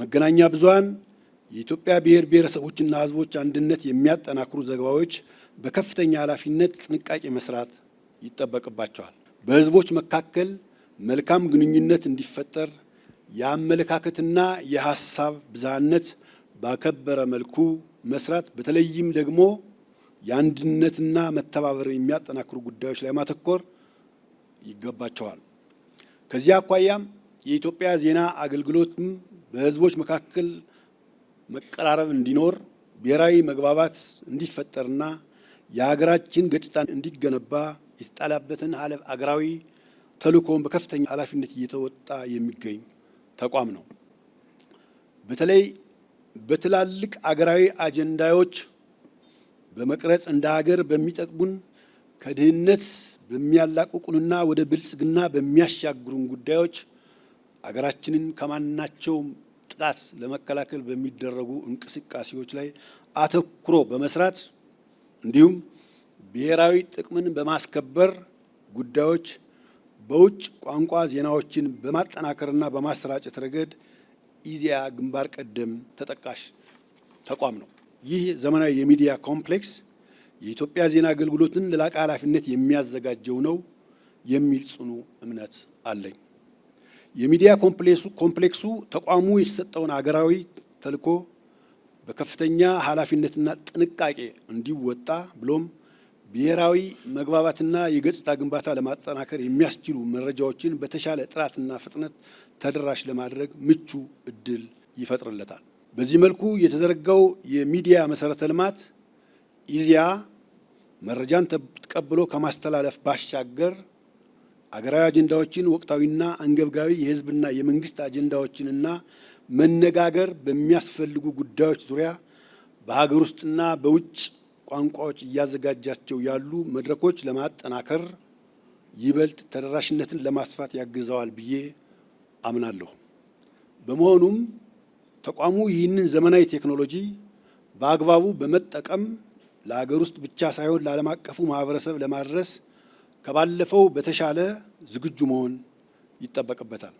መገናኛ ብዙሃን የኢትዮጵያ ብሔር ብሔረሰቦችና ሕዝቦች አንድነት የሚያጠናክሩ ዘገባዎች በከፍተኛ ኃላፊነት ጥንቃቄ መስራት ይጠበቅባቸዋል። በሕዝቦች መካከል መልካም ግንኙነት እንዲፈጠር የአመለካከትና የሀሳብ ብዝሃነት ባከበረ መልኩ መስራት፣ በተለይም ደግሞ የአንድነትና መተባበር የሚያጠናክሩ ጉዳዮች ላይ ማተኮር ይገባቸዋል። ከዚህ አኳያም የኢትዮጵያ ዜና አገልግሎትም በህዝቦች መካከል መቀራረብ እንዲኖር ብሔራዊ መግባባት እንዲፈጠርና የሀገራችን ገጽታ እንዲገነባ የተጣለበትን አገራዊ ተልእኮውን በከፍተኛ ኃላፊነት እየተወጣ የሚገኝ ተቋም ነው። በተለይ በትላልቅ አገራዊ አጀንዳዎች በመቅረጽ እንደ ሀገር በሚጠቅሙን ከድህነት በሚያላቅቁንና ወደ ብልጽግና በሚያሻግሩን ጉዳዮች አገራችንን ከማናቸውም ጥቃት ለመከላከል በሚደረጉ እንቅስቃሴዎች ላይ አተኩሮ በመስራት እንዲሁም ብሔራዊ ጥቅምን በማስከበር ጉዳዮች በውጭ ቋንቋ ዜናዎችን በማጠናከርና በማሰራጨት ረገድ ኢዜአ ግንባር ቀደም ተጠቃሽ ተቋም ነው። ይህ ዘመናዊ የሚዲያ ኮምፕሌክስ የኢትዮጵያ ዜና አገልግሎትን ለላቀ ኃላፊነት የሚያዘጋጀው ነው የሚል ጽኑ እምነት አለኝ። የሚዲያ ኮምፕሌክሱ ተቋሙ የተሰጠውን ሀገራዊ ተልኮ በከፍተኛ ኃላፊነትና ጥንቃቄ እንዲወጣ ብሎም ብሔራዊ መግባባትና የገጽታ ግንባታ ለማጠናከር የሚያስችሉ መረጃዎችን በተሻለ ጥራትና ፍጥነት ተደራሽ ለማድረግ ምቹ እድል ይፈጥርለታል። በዚህ መልኩ የተዘረጋው የሚዲያ መሰረተ ልማት ኢዜአ መረጃን ተቀብሎ ከማስተላለፍ ባሻገር አገራዊ አጀንዳዎችን ወቅታዊና አንገብጋቢ የህዝብና የመንግስት አጀንዳዎችንና መነጋገር በሚያስፈልጉ ጉዳዮች ዙሪያ በሀገር ውስጥና በውጭ ቋንቋዎች እያዘጋጃቸው ያሉ መድረኮች ለማጠናከር ይበልጥ ተደራሽነትን ለማስፋት ያግዘዋል ብዬ አምናለሁ። በመሆኑም ተቋሙ ይህንን ዘመናዊ ቴክኖሎጂ በአግባቡ በመጠቀም ለሀገር ውስጥ ብቻ ሳይሆን ለዓለም አቀፉ ማህበረሰብ ለማድረስ ከባለፈው በተሻለ ዝግጁ መሆን ይጠበቅበታል።